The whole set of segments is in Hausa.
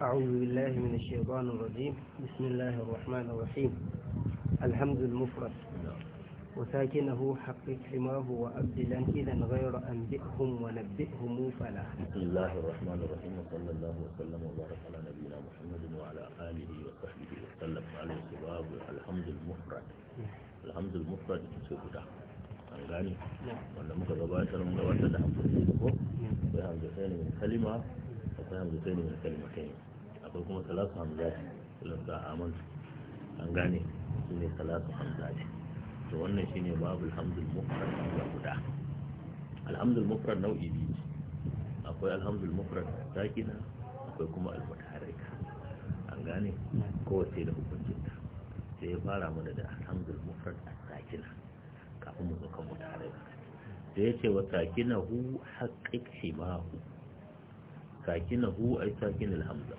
أعوذ بالله من الشيطان الرجيم بسم الله الرحمن الرحيم الحمد المفرد وساكنه حقق حماه وأبدلا إذا غير أنبئهم ونبئهم فلا بسم الله الرحمن الرحيم وصلى الله وسلم وبارك على نبينا محمد وعلى آله وصحبه وسلم على الشباب الحمد المفرد الحمد المفرد سكتا an gane wanda muka gabatar mu gabatar da hamsin ko bai hamsin ne min kalima akwai hamsin ne min kalima kai akwai kuma salatu ce, irin a aman an gane su ne salatu ce. to wannan shi ne babu alhamdul mufrad da guda alhamdul mufrad nau'i biyu akwai alhamdul mufrad sakina akwai kuma almutaharrika an gane kowace da hukuncinta sai ya fara mana da alhamdul mufrad sakina kafin mu zo kan mutaharrika da ya ce wa sakinahu haƙƙi shimahu sakinahu ai sakin alhamza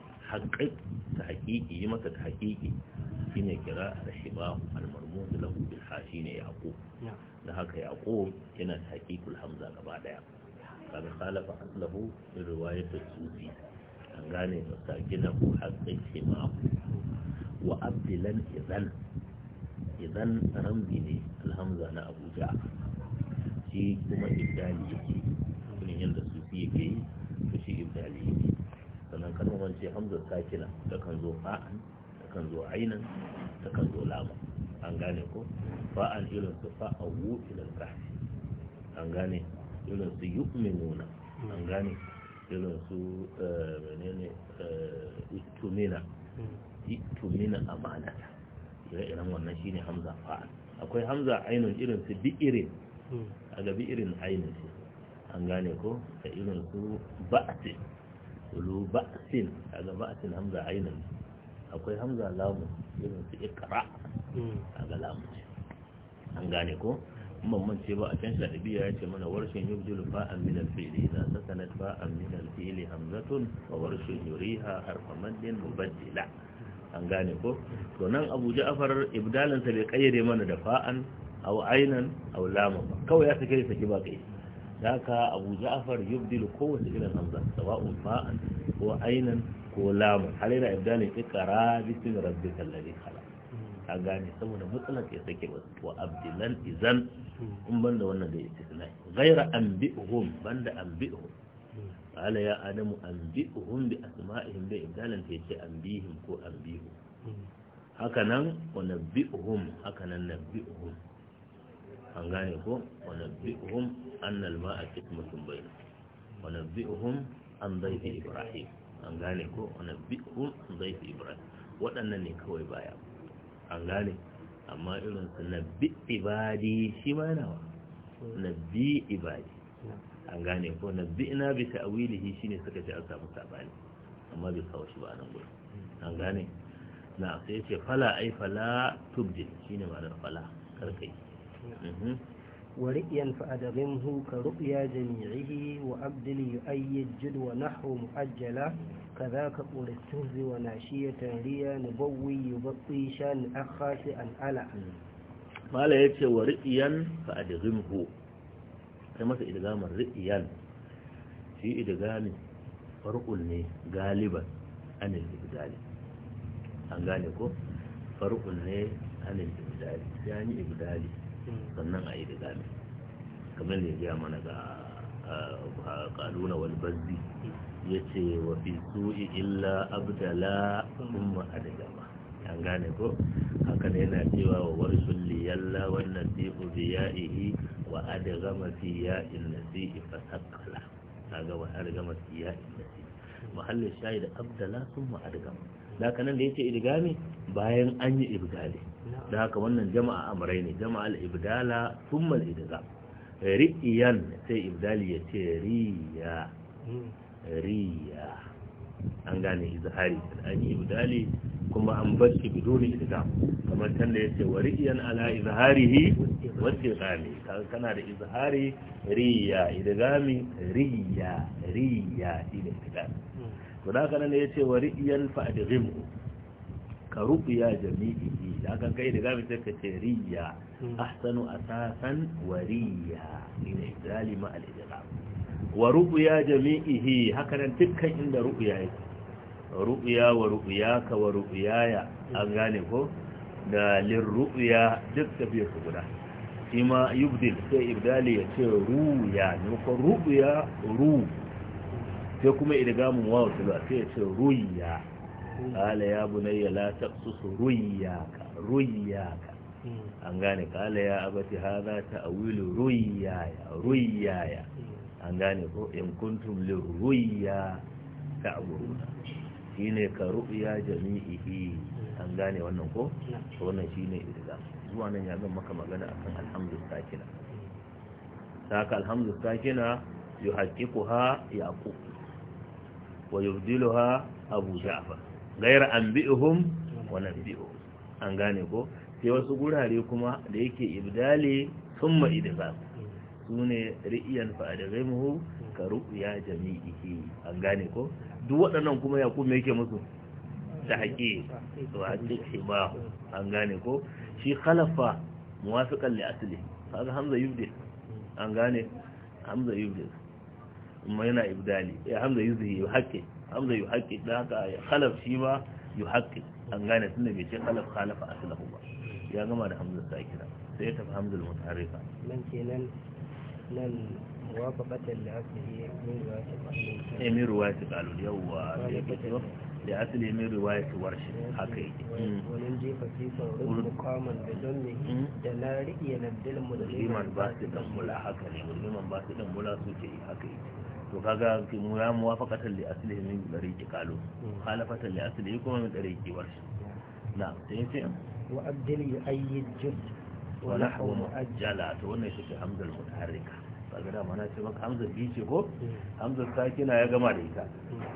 haƙƙi ta haƙiƙi yi maka ta haƙiƙi shine kira rahiba al-marmuz lahu bil ne ya ko da haka ko yana ta taqiqul hamza gaba daya kaga khalafa aslahu min riwayat al-sufi an gane masakina ko haƙƙi ma wa abdilan idan idan ramzi ne alhamza na abuja shi kuma ibdali yake kullum yadda sufi yake yi to shi ibdali yake sannan kan ce hamza sakina ta kan zo fa'an ta kan zo ainan ta kan zo lama an gane ko fa'an irin su fa'awu ilal kahfi an gane irin su yu'minuna an gane irin su eh, menene eh, tumina tumina amanata ire irin wannan shine hamza fa'an akwai hamza ainun irin su bi'irin hmm. a ga bi'irin ainun ce an gane ko da irin su ba'atin ulu ba'sin kaga ba'sin hamza ainin akwai hamza lamu irin su ikra kaga lamu an gane ko mamman ce ba a can shaɗibiya ya ce mana warshin yubdul fa'an min al-fi'li idza sakanat fa'an min al-fi'li hamzatun wa warshin yuriha harfa maddin mubaddila an gane ko to nan Abu Ja'far ibdalansa bai kayyade mana da fa'an aw ainan aw lamu kawai ya sake saki ba kai haka abu ja'far yubdilu kowace irin hamza sawa'un ma'an ko ainan ko Lamu, har yana ibdalin ikra bismi rabbikal ladhi khalaq ka gane saboda matsalar ya ba. wa abdilan izan in banda wannan da istisna ghaira anbi'uhum banda anbi'uhum qala ya adamu anbi'uhum bi asma'ihim bi ibdalan ta yace anbihim ko anbihu haka nan wa nabbi'uhum haka nan nabbi'uhum an gane ko wanabbi'uhum anna al-ma'a qismatun bayn wanabbi'uhum an dhayfi ibrahim an gane ko wanabbi'uhum an dhayfi ibrahim waɗannan ne kawai baya an gane amma irin su nabbi ibadi shi ma yana wa nabbi ibadi an gane ko nabbi ina bi ta'wilihi shine suka ce an samu sabani amma bai kawo shi ba nan gurin an gane na sai ce fala ai fala tubdil shine ma'anar fala karkai ورئيا فأدغمه كرؤيا جميعه وأبدل يؤيد جد ونحو مؤجلة كذاك قول السهز وناشية ريا نبوي يبطي شان أخاس أن ألا ما لا يتي ورئيا فأدغمه كما إدغام الرئيا في إدغام فرقني غالبا عن الإبدال أن غالبا فرقني عن الإبدال يعني إبدالي sannan a yi da gami kamar da ya gaya mana ga kaluna wal bazzi ya ce wa fi su'i illa abdala da adagama an gane ko hakan yana cewa wa warsun liyalla wannan nasi'u ya ihi wa adagama fi ya'in nasi'i fa sakkala kaga wa adagama fi na fi mahallin shayi da abdala sun ma adagama da haka nan da ce idgami bayan an yi ibdali da haka wannan jama'a amrai ne jama'a al-ibdala thumma al-idgham ri'yan sai ibdali ce, riya riya an gane izhari an yi ibdali kuma an bar bidoni idgham kamar can da yace wa ri'yan ala izharihi wa idghami kana da izhari riya idghami riya riya idgham to da nan ya ce wa ri'yan fa adghim ka rubiya jami'i da kan kai da gabi sai ka ce riya ahsanu asasan wa riya min zalima al ijlab wa rubiya jami'i haka nan dukkan inda rubiya yake rubiya wa ka wa ya an gane ko da rubiya duk biyar su guda shi ma yubdil sai ibdali ya ce ruya ne ko rubiya ru sai kuma idgamun waw tilwa sai ya ce ruya qala ya bunayya la taqsus ruyaka ruyaka an gane qala ya abati hadha ta'wilu ruyaya ruyaya an gane ko in kuntum li ruya ta'buruna shine ka ru'ya jami'ihi an gane wannan ko to wannan shine idza zuwa nan ya zan maka magana akan alhamdu sakina saka alhamdu sakina yuhaqiquha yaqub wa yubdiluha abu ja'far ghayra anbi'uhum wa nabbi'uhum an gane ko sai wasu gurare kuma da yake ibdali thumma idgham sune ri'yan fa adghamuhu ka ru'ya jami'ihi an gane ko duk waɗannan kuma ya me yake musu ta haƙi to haƙi ba an gane ko shi khalafa muwafiqan li asli kaga hamza yubdil an gane hamza yubdil kuma yana ibdali ya eh, hamza yuzhi yuhaqqi hamza yuhaqqi da haka ya khalaf shi ma yuhaqqi an gane da bai ce khalaf a aslahu ba ya gama da hamza sakira sai ya tafi hamza mutarifa nan kenan nan muwafaqatan li aslihi min riwayati qalul eh min riwayati qalul yawa ya ba da asali mai riwayat warshi haka yake hmm. wannan jefa sifar rubun mukamman da don ne hmm. da na riƙe na dalmu ba su dan mula haka ne liman ba su dan mula suke haka yake to kaga mu ya muwafaqata li aslihi min dariqi qalu khalafata li aslihi kuma min dariqi warsh na'am sai sai wa abdil yu'ayyid jus wa nahwu mu'ajjala to wannan shi ke hamzal mutaharrika kaga da mana ce maka hamza bi ce ko hamza sakina ya gama da ita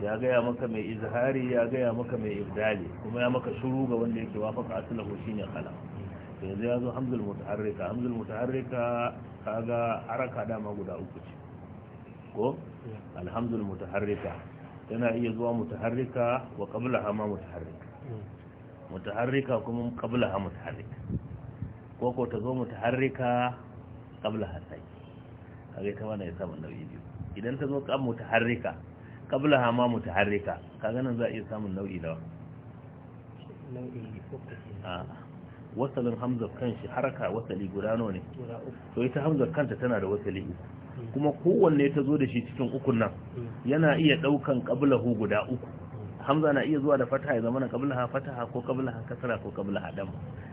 ya gaya maka mai izhari ya gaya maka mai ibdali kuma ya maka shuru ga wanda yake wafaka aslihi shine kala to yanzu ya zo hamzal mutaharrika hamzal mutaharrika kaga haraka dama guda uku ce ko alhamdul mutaharrika tana iya zuwa mutaharrika wa qablaha ma mutaharrika mutaharrika kuma qablaha mutaharrika ko ko ta zo mutaharrika qablaha sai kage ta wannan ya mun nau'i biyu idan ta zo kan mutaharrika qablaha ma mutaharrika kaga nan za a iya samun nau'i nawa ah, wasalin hamzar kanshi haraka wasali guda nawa ne to ita hamzar kanta tana da wasali kuma kowanne ta zo da shi cikin ukun nan yana iya ɗaukan qablahu guda uku hamza na iya zuwa da fataha ya zama na qablaha fataha ko qablaha kasra ko qablaha dam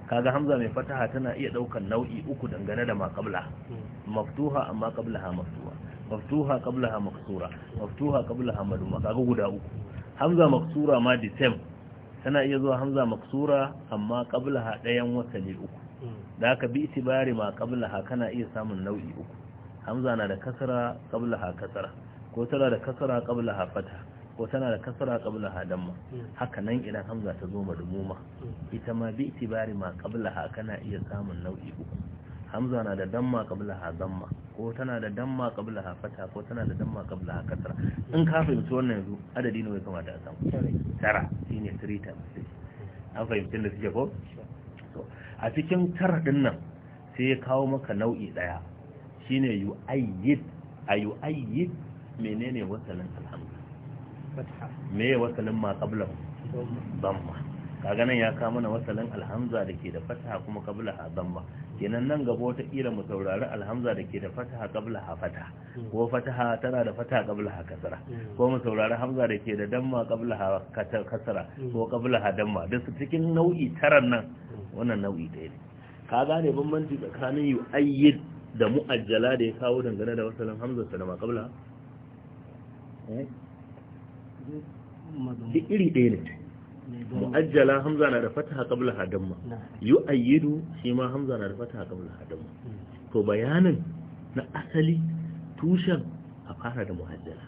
kaga hamza mai fataha tana iya ɗaukan nau'i uku dangane da ma ƙablaha maftuha amma qablaha maftuha maftuha qablaha maksura maftuha qablaha maduma kaga guda uku hamza maksura ma the same tana iya zuwa hamza maksura amma ƙablaha ɗayan watanni uku da haka bi itibari ma qablaha kana iya samun nau'i uku hamza na da kasara qabla ha kasara ko tana da kasara qabla ha fata ko tana da kasara qabla ha damma haka nan idan hamza ta zo madmuma ita ma bi itibari ma qabla ha kana iya samun nau'i uku hamza na da damma qabla ha damma ko tana da damma qabla ha fata ko tana da damma qabla ha kasara in ka fahimci wannan yanzu adadi ne ya kamata a samu tara shine 3 times an fahimci da suke ko a cikin tara din nan sai ya kawo maka nau'i daya shine ayyid a ayyid menene wasalin alhamdu me wasalin ma qabla damma kaga nan ya ka mana wasalin alhamza da ke da fataha kuma qabla ha damma kenan nan gaba wata ira mu saurari alhamza da ke da fataha qabla ha fataha ko fataha tana da fataha qabla ha kasara hmm. ko mu saurari hamza da ke da damma qabla ha kasara hmm. ko qabla ha damma duk cikin nau'i taran nan hmm. wannan nau'i ɗaya ne ka gane bambanci tsakanin ayyid da mu'ajjala da ya kawo dangane da wasalin hamza da makabla eh? duk iri ɗaya ne mu'ajjala hamza na da fataha qabla hadamma yu'ayyidu shi ma hamza na da fataha qabla hadamma hmm. to bayanin na asali tushen a fara da mu'ajjala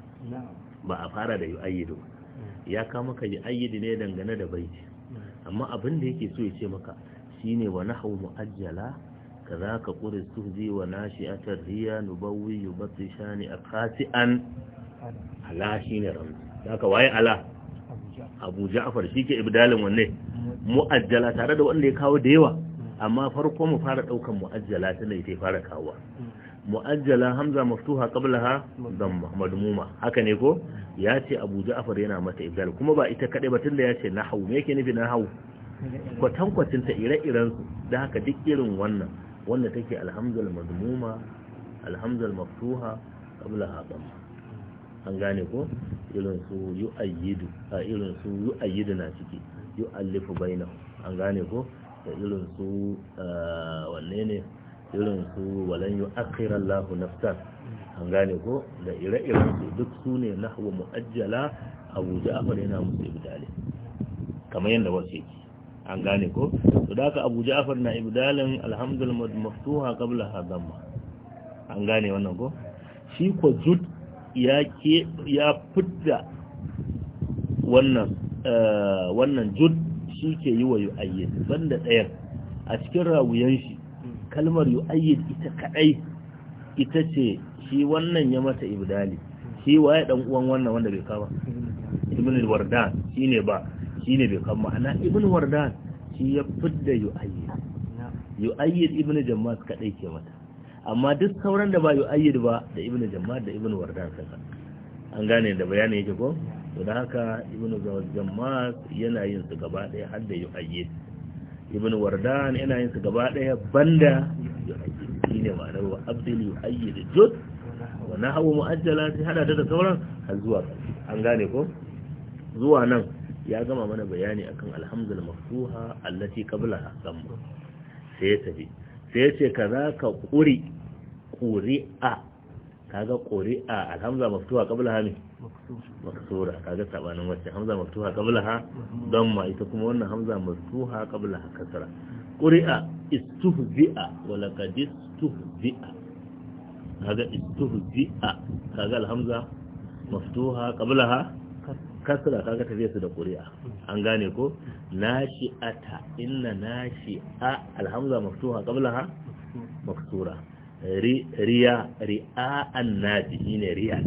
ba a fara da yu'ayyidu hmm. ya kama ka yu'ayyidu ne dangane da baiti hmm. amma abin da yake so ya ce maka shine wa Hau mu'ajjala كذاك قر استهزي وناشئة الريا نبوي يبطي شانئك خاسئا ala shi ne ramzi daga waye ala abu ja'far shi ke ibdalin wanne mu'ajjala tare da wanda ya kawo da yawa amma farko mu fara daukan mu'ajjala ta ne sai fara kawo mu'ajjala hamza maftuha qablaha damma madmuma haka ne ko ya ce abu ja'far yana mata ibdal kuma ba ita kadai ba tunda ya ce nahwu me yake nufi nahwu kwatankwacin ta ire-iren su da haka duk irin wannan wanda take alhamdul mazmuma alhamdul maftuha qabla haɗa an gane ko irin su yu yu'ayyidu a irin su yu yu'ayyidu na ciki yu'allifu bainahu an gane ko da irin su eh, wanne ne irin su walan yu akhira Allah nafsan an gane ko da ire-iren su duk su ne nahwu mu'ajjala Abu Ja'far yana musu ibdale kamar yadda wasu yake an gane ko to da haka abu ja'far na ibdalin alhamdulillah maftuha qabla hadamma an gane wannan ko shi ko jud ya ke ya fitta wannan eh, wannan jud shi ke yi wa yu'ayyid banda ɗayan a cikin rawuyan shi kalmar yu'ayyid ita kadai ita ce shi wannan ya mata ibdali shi waye dan uwan wannan wanda bai kama ibn al-wardan shine ba shine bai kan ma'ana ibn wardan shi ya fidda yu'ayyid yu'ayyid ibn jammas kadai ke mata amma duk sauran da ba yu'ayyid ba da ibn jammas da ibn wardan saka an gane da bayanin yake ko to da haka ibn jammas yana yin su gaba daya har da yu'ayyid ibn wardan yana yin su gaba daya banda shi shine ma'anar wa abdul yu'ayyid jud wa nahwu mu'ajjala hada da sauran har zuwa an gane ko zuwa nan ya gama mana bayani akan alhamdul maftuha allati qablaha damu sai ya tafi sai ya ce kaza ka quri quri'a kaga ƙuri'a alhamza maftuha qablaha ne maksura kaga sabanin wacce hamza maftuha qablaha damma ita kuma wannan hamza maftuha qablaha kasra quri'a istuhzi'a wa laqad istuhzi'a kaga istuhzi'a kaga alhamza maftuha qablaha kasra kaga tafiya su da ƙuri'a an gane ko nashi'ata inna a alhamza maftuha ha? maktura riya ri'a'an nasi shine riya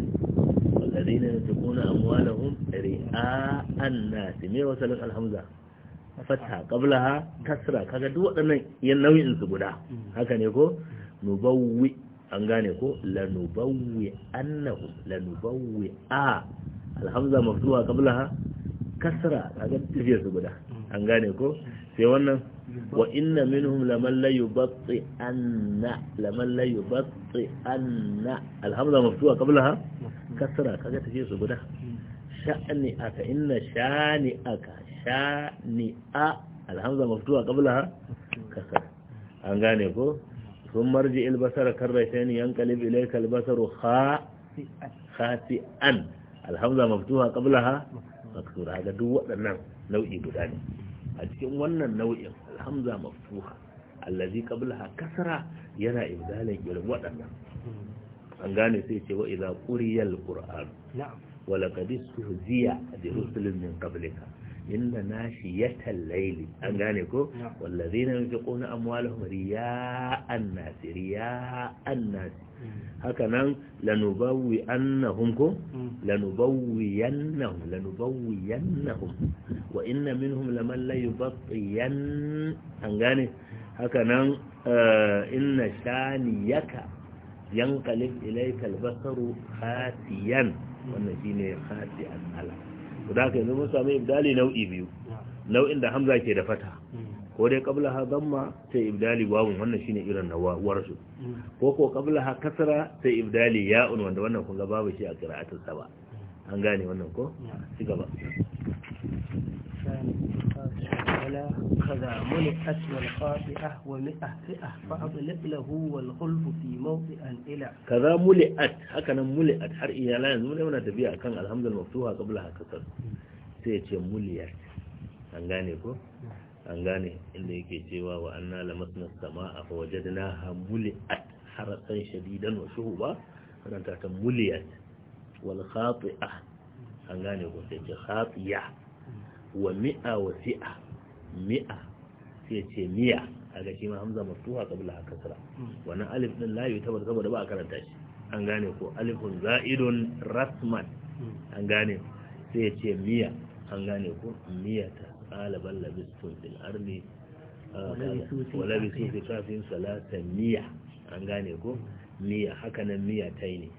wallazina yunfiquna amwalahum ri'a'an nasi me wasalin alhamza fatha ha kasra kaga duk waɗannan yan nau'in su guda haka ne ko nubawwi an gane ko lanubawwi annahum lanubawwi a alhamza mafduha qablaha kasra kaga su guda an gane ko sai wannan wa inna minhum laman la anna laman la anna alhamza kasra kaga su guda aka inna sha'ni aka a alhamza kasra an gane ko sun marji ilbasar karrashani yankalib ilaika albasar kha khati'an alhamza maftuha ha maktura ga duk waɗannan nau'i guda ne a cikin wannan nau'in alhamza maftuha allazi ha kasara yana ibdalin irin waɗannan an gane sai ce wa idza quriya alquran wa laqad istehziya bi rusulin min qablika inna nashiyatal layli an gane ko wallazina yunfiquna amwalahum riya'an nas riya'an nas mm. haka nan lanubawwi annahum ko mm. lanubawwiyannahum lanubawwiyannahum wa inna minhum laman la yubattiyan an gane haka nan eh, inna shaniyaka yanqalib ilayka albasaru khatiyan mm. wannan shine khati'an alaq da ka yanzu mun samu ibdali nau'i biyu nau'in da hamza ke da fata ko dai qabla ha damma sai ibdali wawun wannan shine irin nawawar su ko ko qabla ha kasra sai ibdali ya'un wanda wannan kun ga babu shi a qira'atul saba an gane wannan ko ci gaba ولا كذا منعت والخاطئة ومئفئة فأطلق له والخلف في موطئ إلى كذا ملئت هكذا ملئت حر إيالان من هنا تبيع كان الحمد المفتوحة قبلها كسر سيتي مليت أنغاني كو أنغاني اللي يكي تيوا وأنا لمسنا السماء فوجدناها ملئت حرسا شديدا وشهوبا أنا تعتم ملئت والخاطئة أنغاني كو سيتي خاطئة wa mi'a wa si'a mi'a sai ce miya a ga shi ma hamza maftuha qabla a kasara wannan alif din la yutabar saboda ba a karanta shi an gane ko alifun za'idun rasman an gane sai ce miya an gane ko miya ta qalaban labistun fil ardi ah, wala labisu fi kafin salatan miya an gane ko miya haka nan miya yi ne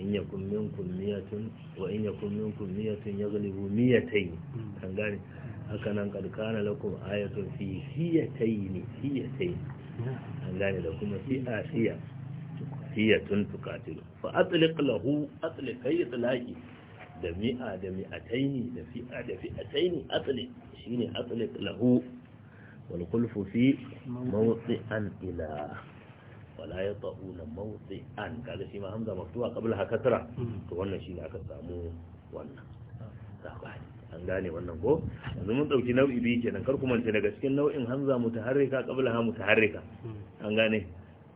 in yakun minkum miyatun wa in yakun minkum miyatun yaghlibu miyatayn kan gane haka nan kad lakum ayatun fi siyatayn siyatayn an gane da kuma siya asiya siyatun tuqatilu fa atliq lahu atliq ay laki da mi'a da mi'ataini da fi'a da fi'ataini atliq shine atliq lahu wal khulfu fi mawdi'an ila wala ya na mawtsi an kaga shi ma hamza maftuha qabla haka tara hmm. to wannan shi ne aka samu wannan sabani an gane wannan ko yanzu mun dauki nau'i biyu kenan kar ku manta daga cikin nau'in hamza mutaharrika qabla ha mutaharrika hmm. an gane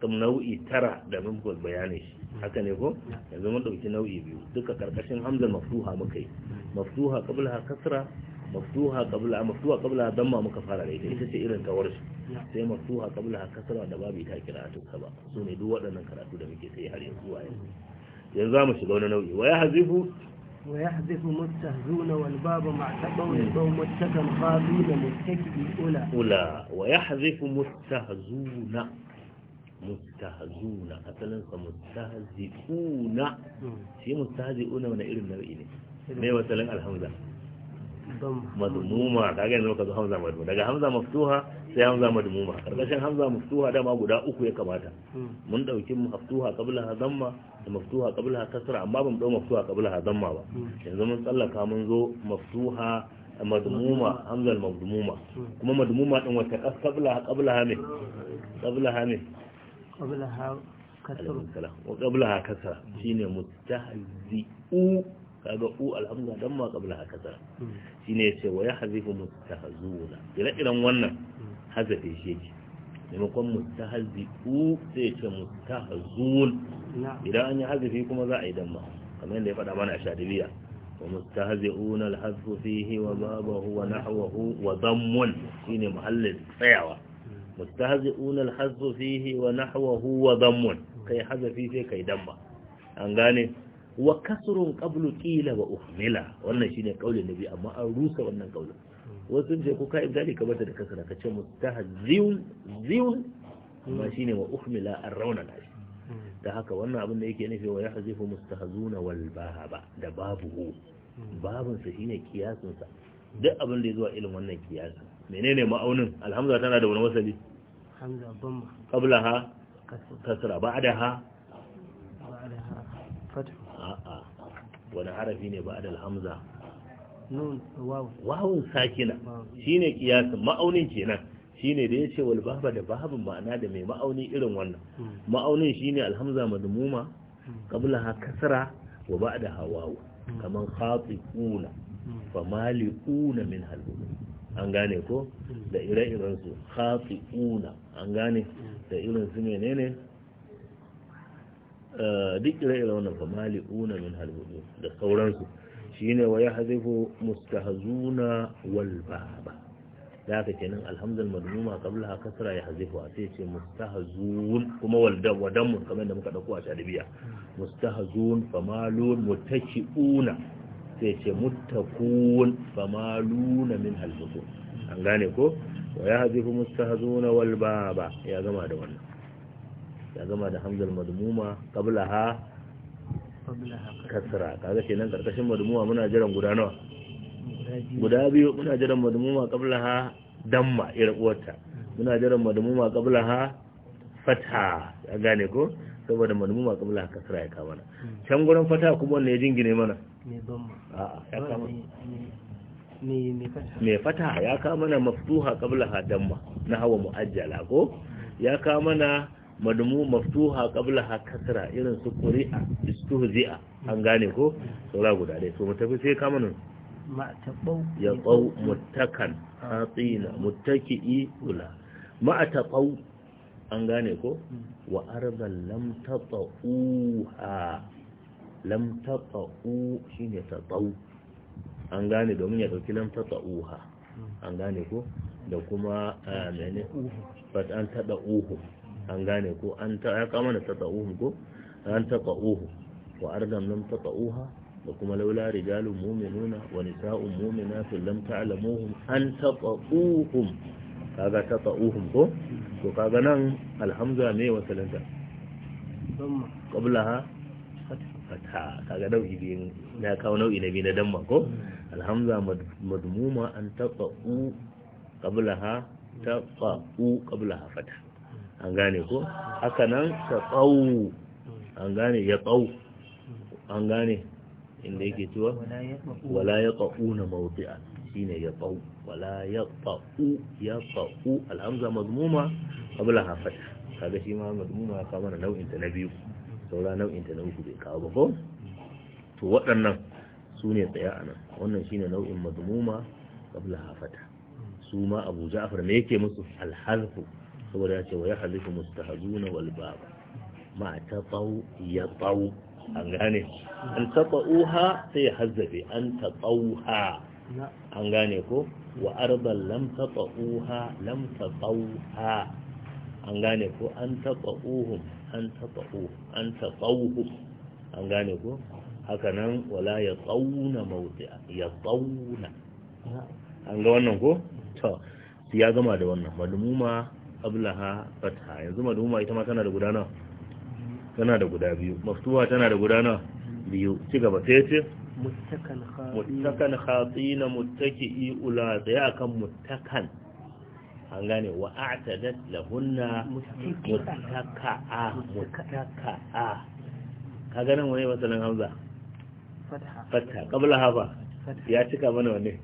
kam nau'i tara da mun ku bayani shi hmm. haka ne ko yanzu mun dauki nau'i biyu duka karkashin hamza Maktuha muka yi Maktuha qabla ha kasra مفتوحة قبلها مفتوحة قبلها ضمة مكفارة لإيتا إيتا سئرن كورس سي مفتوحة قبلها كسرة دباب إيتا كراتو سبا سوني دو وقتنا كراتو دمكي سيهار يسوع آية. ينزام شغلنا نوي ويحذف ويحذف مستهزون والباب مع تبون القوم متكا خاضون متكئي أولى أولى ويحذف مستهزون مستهزون أصلا مستهزئون شيء مستهزئون وانا إرم نبئي ne mai الحمد لله madmuma kaga yanzu ka zo hamza madmuma daga hamza maftuha sai hamza madmuma karkashin hamza maftuha dama guda uku ya kamata mun dauki maftuha qabla dhamma da maftuha qabla kasra amma ban dau maftuha qabla dhamma ba yanzu mun tsallaka mun zo maftuha madmuma hamza madmuma kuma madmuma din wata qabla qabla hamin qabla hamin qabla ha kasra qabla ha kasra shine mustahzi'u kaga u alhamdulillah dan ma qabla haka zara hmm. shine yace wa yahzifu mustahzuna ire-iren wannan hmm. hazafe shi yake maimakon mustahzi u sai yace mustahzun idan an yi hazafi kuma za a yi dan ma kamar yadda ya faɗa mana a shadiliya wa mustahzi'un alhazfu fihi wa babahu wa nahwahu wa dammun shine muhallin tsayawa hmm. mustahzi'un alhazfu fihi wa nahwahu wa dammun kai hazafi sai kai damma an gane wa kasrun qablu qila wa uhmila wannan shine kaulin nabi amma an rusa wannan kaulin wasu je ko kai dali ka bata da kasara ka ce mustahziyun ziun amma shine wa uhmila an rauna shi da haka wannan abin da yake nufi wa yahzifu mustahzuna wal bahaba da babu babun sa shine kiyasin sa duk abin da zuwa ilimin wannan kiyasin menene ma'aunin alhamza tana da wani wasali hamza qabla ha kasra ba'daha wani harafi ne ba'ad alhamza wawun sakina shine kiyasin ma'aunin kenan shine da yace wal baba da Babu ma'ana da mai ma'auni irin wannan hmm. ma'aunin shine alhamza madmuma hmm. qabla ha kasra wa ba'da hawawu hmm. kaman khatiquna fa maliquna min halbun an gane ko da ire-iren su khatiquna an gane da irin su menene Eh, duk ire-ire wannan fa mali'una min halbudu da sauransu shine wa yahzifu mustahzuna wal baba da haka kenan alhamdul madhuma qabla kasra yahzifu a sai ce mustahzun kuma wal dam wa damun kamar da muka dauko a shadibiya mustahzun malun mutakiuna sai ce muttaqun famaluna min halbudu an gane ko wa yahzifu mustahzuna wal baba ya gama da wannan ya gama da hamzal madmuma qablaha kasra kaga kenan karkashin madmuma muna jiran guda nawa guda biyu muna jiran madmuma qablaha damma irin muna jiran madmuma qablaha fatha ya gane ko saboda madmuma qablaha kasra ya kama mana hmm. can gurin fatha kuma ne jingine mana ne damma a'a ya kama mai fata ya kama na maftuha qablaha damma na hawa muajjala ko ya kama na madumu maftuha qabla ha kasra irin su quri'a istuhzi'a an gane ko saura guda dai to mu tafi sai kama nan ya qau muttakan hatina muttaki'i ula ma ataqau an gane ko mm. wa uha. lam u lam ne ta tatau an gane domin ya dauki lam uha. Mm. an gane ko da kuma ah, mene fat an tada uhu an gane ko an ta ya kama da tata'uhu ko an tata'uhu wa ardan lam tata'uha da kuma laula rijalun mu'minuna wa nisa'un mu'minatin lam ta'lamuhum an tata'uhum kaga tata'uhum ko to kaga nan alhamza ne wa salanta qablaha fata kaga nau'i biyu na kawo nau'i na biyu na damma ko alhamza madmuma an tata'u qablaha tata'u qablaha fata an gane ko haka nan ka tsawo an gane ya tsawo an gane inda yake tuwa? wala ya tsawo na mawufi'a shi ne ya tsawo wala ya tsawo ya tsawo alhamza mazmuma abula hafata kaga shi ma mazmuma ya kama na nau'in ta na biyu saura nau'in ta na uku bai kawo ba ko to waɗannan su ne tsaya a nan wannan shi ne nau'in mazmuma abula hafata su ma abu ja'far me yake musu alhazfu saboda ya ce wa ya halifu mustahazuna wal bab ma ta tsawo ya tsawo an gane an taɓa uha sai ya hazzabe an taɓa uha an gane ko wa arban lam taɓa uha lam taɓa uha an gane ko an taɓa uhun an taɓa uhun an taɓa uhun an gane ko haka nan wala ya tsauna mawdi'a ya tsauna an ga wannan ko to ya gama da wannan malumuma qablaha fatha yanzu madhuma ita ma tana da gudana tana da guda biyu maftuha tana da gudana biyu ci gaba sai ce muttakan khatina muttaki ula tsaye akan muttakan an gane wa a'tadat lahunna muttaka'a muttaka'a ka ganin wani masalan hamza fatha qabla hafa ya cika mana wani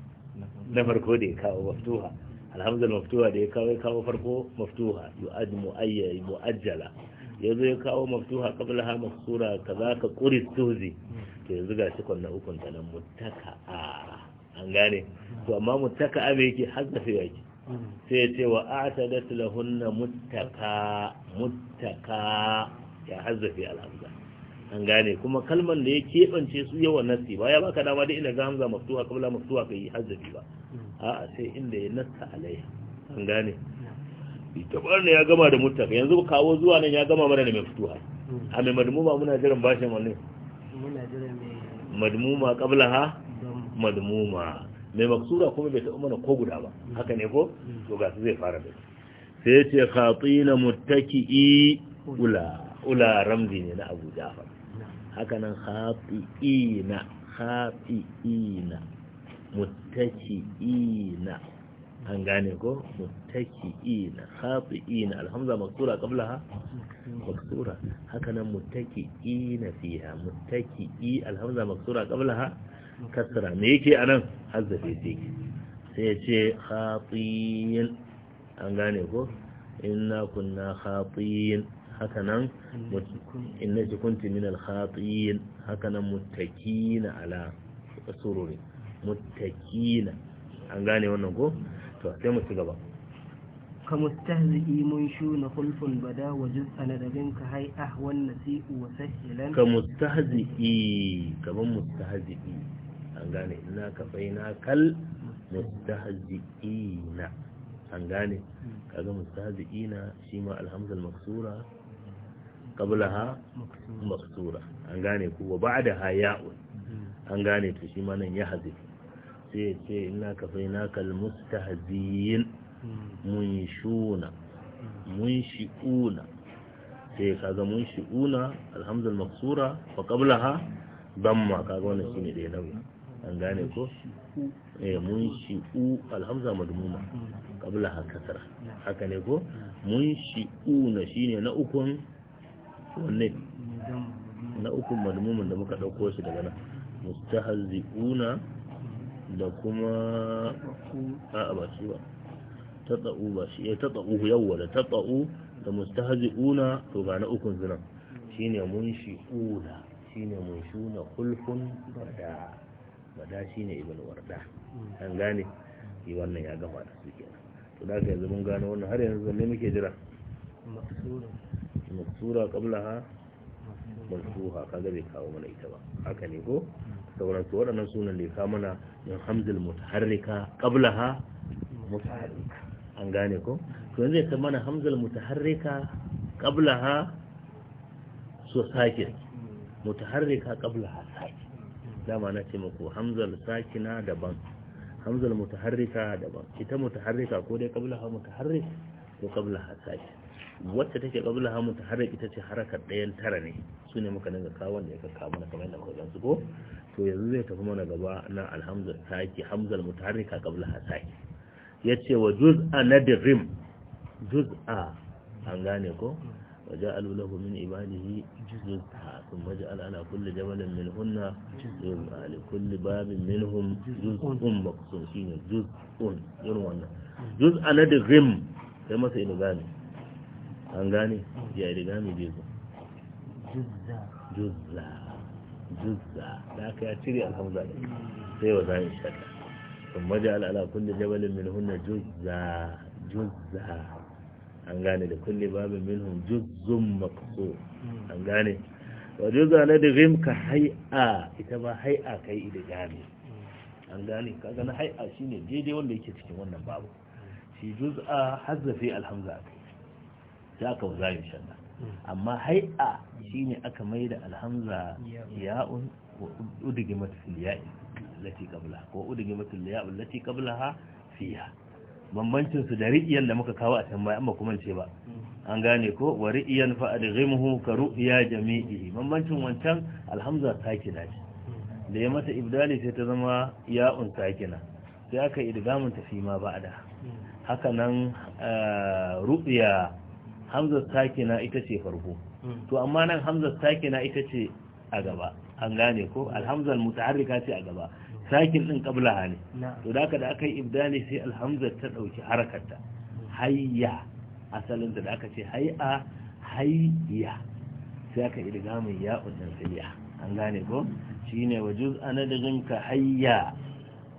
na farko da ya kawo maftuha alhamdul maftuha da ya kawo ya kawo farko maftuha yu'ad mu'ayya mu'ajjala yanzu ya kawo maftuha qabla ha masura kaza ka quri tuzi to yanzu ga shi kunna ukun ta nan muttaka an gane to amma muttaka a me yake hazafi yake sai ya ce wa a'tadat lahunna muttaka muttaka ya hazafi alhamza an gane kuma kalman da ya keɓance su yawan nasi ba ya baka dama da ina ga hamza maftuha qabla maftuha kai hazafi ba a'a sai inda ya nasta alaiya an gane itabar ne ya gama da mutaka yanzu kawo zuwa nan ya gama mana da mai fituwa hmm. a mai madmuma muna jiran bashin wannan muna jiran mai madmuma qablaha mai maksura kuma bai taɓa mana ko guda ba hmm. haka ne ko hmm. to ga su zai fara da sai ya ce khatina muttaki'i ula ula ramzi ne na Abu Ja'far haka nan khatina khatina muttaki'ina an gane ko muttaki'ina khati'ina alhamza maktura qablaha maktura haka nan muttaki'ina fiha muttaki'i alhamza maktura qablaha kasra me yake anan hazzafe sai sai ya ce khati'in an gane ko inna kunna khati'in haka nan inna kunti min al khati'in hakanan nan muttaki'ina ala sururi muttakila an gane wannan ko to sai mu ci gaba ka mustahzi mun shu na khulfun bada wa jin sanadin ka hai ah wan nasi'u wa sahilan ka mustahzi kaman mustahzi an gane ina ka baina kal mustahzi'ina an gane kaga mustahzi'ina shi ma alhamdul maksura qablaha maksura an gane ko ba'da ha ya'un an gane to shi ma nan ya hazifi sai ya ce ina ka fai na kalmus ta haziyin munshuna munshi'una sai kaga munshi'una alhamdul maksura fa ha damma kaga wannan shine da ya nauyi an gane ko eh munshi'u alhamza madmuma ha kasra haka ne ko munshi'una shine na ukun wanne na ukun madmumun da muka dauko shi daga nan mustahzi'una da kuma a'a ba shi ba tatsa'u ba shi ya eh, tatsa'u yawwa da tatsa'u da mustahzi'una to ga na ukun sunan shine munshi'una shine munshuna khulfun bada bada shine ibn warda an gane yi wannan ya gama da su kenan to da yanzu mun gano wannan har yanzu ne muke jira maksura maksura qablaha marfuha kaga bai kawo mana ita ba haka ne ko su waɗannan sunan da ya mana min hamzul mutaharrika qablaha mutaharrika an gane ko to yanzu ya mana hamzul mutaharrika qablaha su sakin mutaharrika qablaha sakin dama na ce muku hamzul sakina daban hamzul mutaharrika daban ita mutaharrika ko dai qablaha mutaharrik ko qablaha sakin wacce take kabila hamun ta harar ita ce haraka ɗayan tara ne su ne muka nuna kawo wanda ya ka kawo mana kamar yadda muka gansu ko to yanzu zai tafi mana gaba na alhamdul ta ke hamzal mu taharika kabila hasai ya ce wa juz a na da rim juz a an gane ko wa ja alulahu min ibadihi juz sun maji ala kulli jabalin min hunna juz a li kulli babin min hum juz un maksun shine juz un irin wannan juz a sai masa inu gane an gane ya riga mai bai juzza juzza da aka ya cire alhamza da sai wa zai shaka sun majal al'ala kulli jabalin min hunna juzza juzza an gane da kulle babin min hun juzzun makso an gane wa juzza na da rim ka hai'a ita ma hai'a kai idigami an gane kaga na hai'a shine daidai wanda yake cikin wannan babu shi juz'a hazzafi alhamza kai za ka za yi shanna hmm. amma hai'a shine aka mai da alhamza ya'un wa udige matul ya'i lati qabla ko udige matul ya'un lati qablaha fiha bambancin su da ri'iyan da muka kawo a can baya amma kuma ce ba hmm. an gane ko wa ri'iyan fa adghimuhu ka ru'ya jami'i bambancin wancan alhamza sakina ce hmm. da ya mata ibdali sai ta zama ya'un sakina sai aka idgamun ta fi ma ba'da haka nan eh, ru'ya hamzar sakina ita ce farko hmm. to amma nan hamzar sakina ita ce a gaba an gane ko hmm. alhamzar mutaharrika ce a gaba sakin din kabla ne to da da aka yi ibdani sai alhamzar ta dauki harakarta ta hayya asalin da aka ce hayya hayya sai aka riga mai ya uddan filiya an gane ko shine wajuz ana da hayya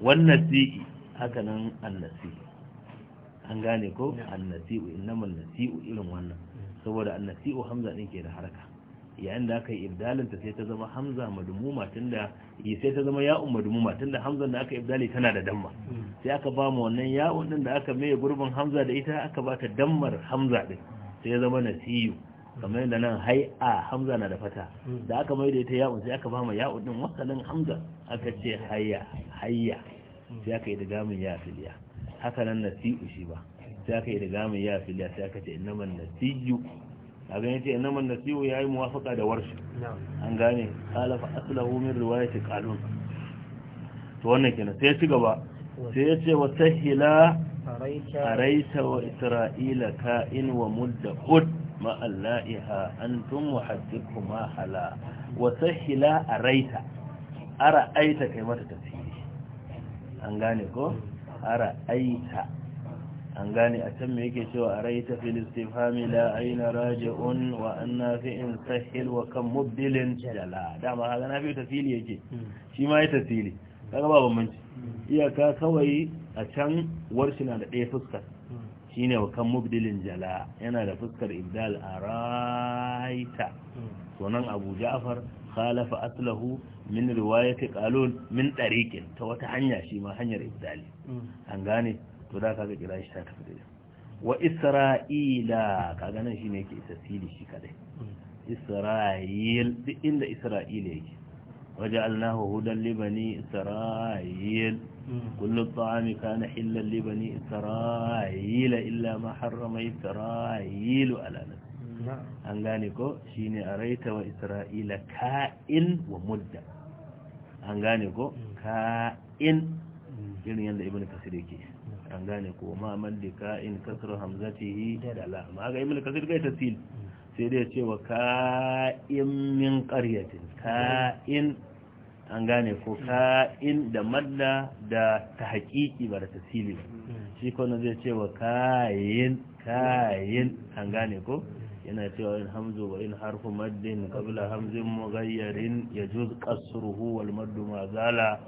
wannan si'i haka nan annasi an gane ko annasi'u innamal nasi'u irin wannan saboda annasi'u hamza din ke da harka yayin da aka yi ibdalin ta sai ta zama hamza madmuma tunda yi sai ta zama ya'un madmuma tunda hamzan da aka ibdali tana da damma mm. sai aka ba mu wannan ya'un din da aka maye gurbin hamza da ita aka ba ta dammar hamza din sai ya zama nasi'u kamar yadda nan hai'a hamza na da fata mm. da aka mai da ita ya'un sai aka ba bama ya'un din wasalin hamza aka ce hayya hayya mm. sai aka yi da gamin ya filiya haka nan nasi'u shi ba sai aka yi da gamin ya filiya sai aka ce man nasi'u a ganin ce man nasi'u ya yi muwafaka da warshi an gane kalafa aslahu min ce qalun to wannan kenan sai ci gaba sai ya ce hila a raita wa isra'ila ka in wa mudda hud ma an tun wa kuma hala a raita ara aita kai mata tafiye an gane ko ara'aita an gane a can me yake cewa ara'aita fil istifhami la aina raji'un wa anna in sahil wa kan mubdilin jala dama haka na fi tafili yake shi ma ya tafili kaga ba bambanci iyaka kawai a can warshi na da ɗaya fuskar shine wa kan mubdilin jala yana da fuskar ibdal araita sonan abu ja'far khalafa aslahu min riwayati qalun min tariqin ta wata hanya shi ma hanyar ibdali an gane to da kaga kira shi ta tafi da wa isra'ila kaga nan shine yake tasiri shi kadai isra'il duk inda isra'ila yake وجعلناه هدى لبني إسرائيل كل الطعام كان حلا لبني إسرائيل إلا ما حرم إسرائيل على نفسه an gane ko shi ne a raita wa isra'ila ka'in wa mudda an gane ko ka'in irin yadda ibn kasir yake an gane ko ma amalli ka'in kasar hamzatihi da la ma ga ibn kasir kai tasil sai dai ce wa ka'in min karyatin ka'in an gane ko ka'in da madda da ta haƙiƙi ba da tasili shi ko zai ce wa ka'in ka'in an gane ko yana cewa in hamzu wa in harfu maddin kabila hamzin ya yajuz qasruhu wal maddu ma zala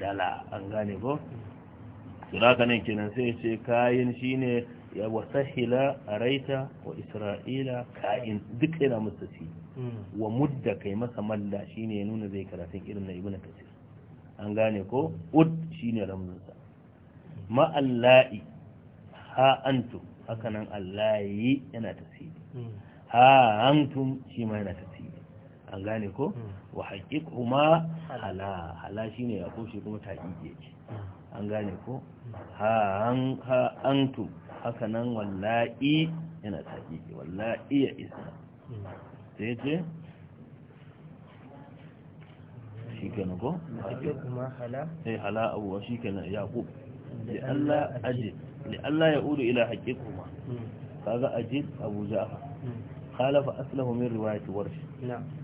dala an gane ko suraka ne kenan sai ce kayin shine ya wasahila araita wa isra'ila kayin duk yana mustasi hmm. wa mudda kai masa malla shine ya nuna zai karatun irin na ibnu kasir an gane ko ud shine ramzunsa ma allahi ha haka nan allahi yana tasiri ha antum shi ma yana tasiri an gane ko wa haƙiƙu ma hala hala shi ne ya koshe kuma ta ƙiƙe ce an gane ko ha antum haka nan wallahi yana ta ƙiƙe wallahi ya isa sai ce shi kenan ko sai hala abuwa shi kenan ya ku Allah ya udu ila haƙiƙu ma hmm. kaga ajid abu ja'far khalafa aslahu min riwayat warsh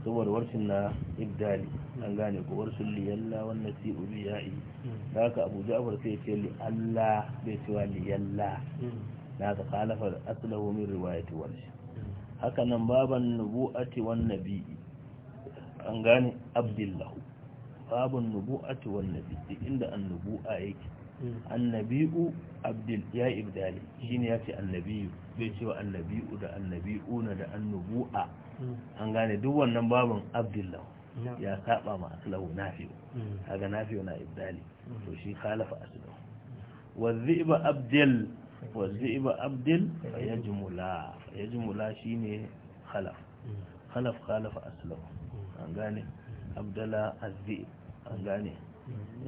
saboda warshin na ibdali an gane ko warshin yalla wan nasi ubiyai da hmm. haka abu ja'far sai ce li Allah bai cewa liyalla da hmm. haka khalafa aslahu min riwayat warsh hmm. haka nan baban nubu'ati wan nabi an gane abdullahu babun nubu'ati wan nabi inda an nubu'a yake annabi'u abdul ya ibdali shine ya ce annabi'u bai cewa annabi'u da annabi'una da annubu'a an gane duk wannan babin lau ya saba ma aslahu nafi'u hmm. kaga nafi'u na ibdali to hmm. shi khalafa aslahu wa dhi'ba abdul wa dhi'ba abdul yajmula yajmula shine khalaf hmm. khalaf khalafa aslahu an gane abdala az an gane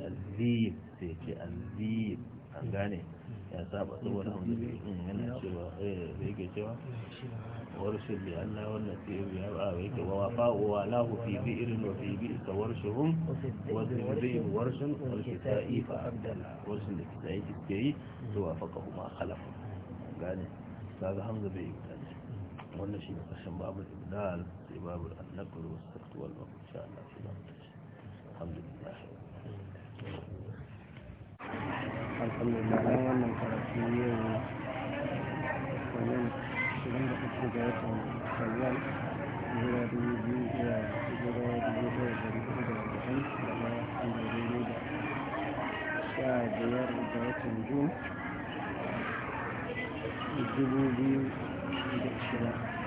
azib sai ce azib an gane ya saba saboda wanda bai yana cewa eh, bai ke cewa Warshe bi Allah wannan sai ya ba wai ke wa fa'u wa lahu fi bi irin wa fi bi ka warshuhum wa zibrin warshin wal kita'i fa abdala Warshen da ta kita'i ke yi to wa kuma huma khalafa gane kaga hamza bai yi mutane. wannan shi ne ƙarshen babu ibdal sai babu annakul wasu tattuwal mafi sha'ala fi zamtashi alhamdulillah alhamdulillah na wannan karatu yau wannan shirin da kuke ga watan shawwal jira dubu biyu da jira dubu da dari da arba'in da ma wanda daidai da sha biyar da watan jun dubu biyu da ashirin